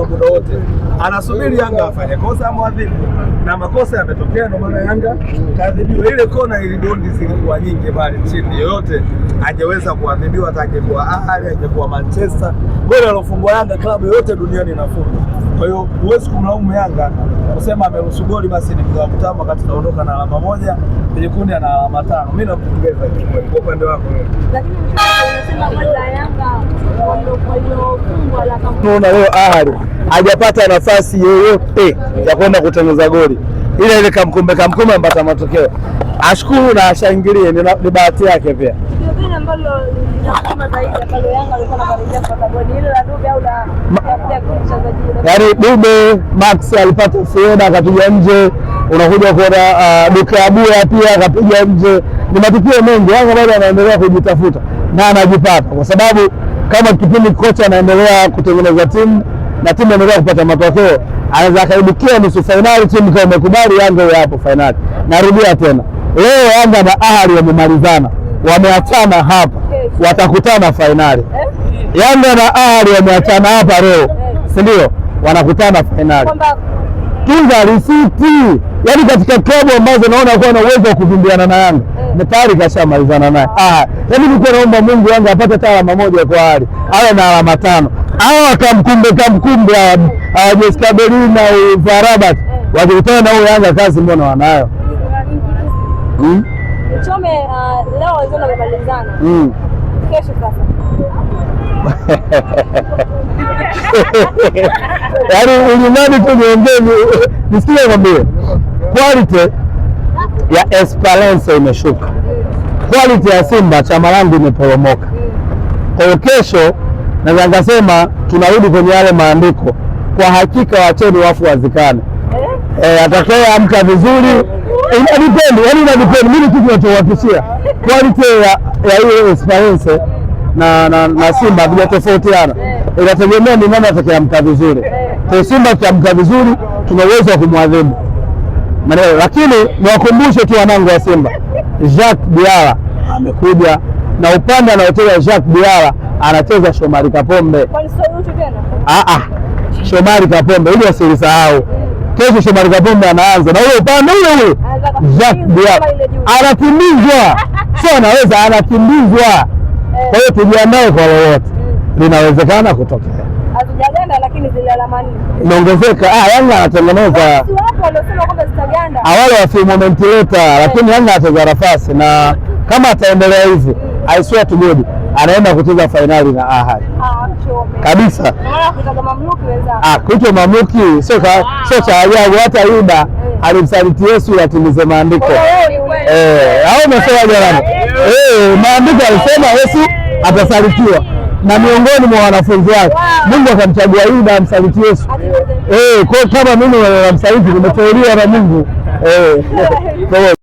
kwa muda wote, anasubiri Yanga afanye kosa amwadhibu, na makosa yametokea, ndio maana Yanga kaadhibiwa. Ile kona ilidondi zilikuwa nyingi pale chini, yoyote ajeweza kuadhibiwa, hata angekuwa Ahly, angekuwa Manchester, goli alofungwa Yanga klabu yoyote duniani inafunga. Kwa hiyo huwezi kumlaumu Yanga kusema ameruhusu goli basi ni mgawa mtamu, wakati naondoka na alama moja kwenye kundi ana alama tano. Mimi nampongeza kwa upande wako. tunaona leo Ahari hajapata nafasi yoyote ya kwenda kutengeneza goli, ila ile kamkumbe kamkumbe mpata matokeo. Ashukuru na ashangilie, ni bahati yake pia. Yaani Dube Max alipata feda akapiga nje, unakuja kuona uh, Duke Abuya pia akapiga nje. Ni matukio mengi, Yanga bado anaendelea kujitafuta na anajipata kwa sababu kama kipindi kocha anaendelea kutengeneza timu na timu inaendelea kupata matokeo, anaweza akaibukia nusu fainali, timu kama imekubali Yanga ya hapo fainali. Narudia tena, leo Yanga na Ahali wamemalizana, wameachana hapa, watakutana fainali. Eh? Yanga na Ahali wameachana hapa leo, si ndio? Wanakutana fainali kinga risiti. Yaani katika klabu ambazo naona kuwa na uwezo wa kuvimbiana na Yanga na tayari kashamalizana naye. Ah, yaani nilikuwa naomba Mungu Yanga apate hata alama moja kwa hali awe na alama tano, hawa wakamkumbe kamkumbe ah, ah, Jessica Belina na Farabat wakikutana na huyo Yanga, kazi mbona wanayo hmm? Ah, leo hmm. Kesho sasa. yaani ulimadi tu niongee, nisikie kwambie, quality ya Esperance imeshuka, quality ya Simba chama langu imeporomoka. Kwa hiyo kesho naweza nikasema tunarudi kwenye yale maandiko, kwa hakika wacheni wafu wazikane. E, atakaye amka vizuri inadipendi, eh, yaani inadipendi mimi kitu nachowakishia quality ya hiyo Esperance na, na, na Simba vijatofautiana inategemea ni nani atakayeamka vizuri. Kwa Simba kiamka vizuri, tuna uwezo wa kumwadhibu lakini niwakumbushe tu wanangu wa Simba, Jacques biala amekuja na upande anaocheza Jacques biala anacheza Shomari Kapombe. Ah, ah. Shomari Kapombe ili wasilisahau kesho, Shomari Kapombe anaanza na ule upande ule ule Jacques Diarra anakimbizwa, sio anaweza, anakimbizwa. Eh. Kwa hiyo tujiandae kwa lolote linawezekana kutokea inaongezeka. Ah, Yanga anatengeneza awali wasimwomentileta, eh. lakini Yanga anacheza nafasi, na mm. kama ataendelea hivi I swear to God anaenda kucheza fainali na Ahad ah, kabisa. Ah, kuitwa mamluki sio cha ajabu, hata Yuda eh. alimsaliti Yesu atimize maandiko eh, au umesema jamani? Maandiko alisema Yesu atasalitiwa na miongoni mwa wanafunzi wake Mungu akamchagua Yuda amsaliti Yesu. Eh, kwa kama mimi namsaliti nimeteuliwa na Mungu eh.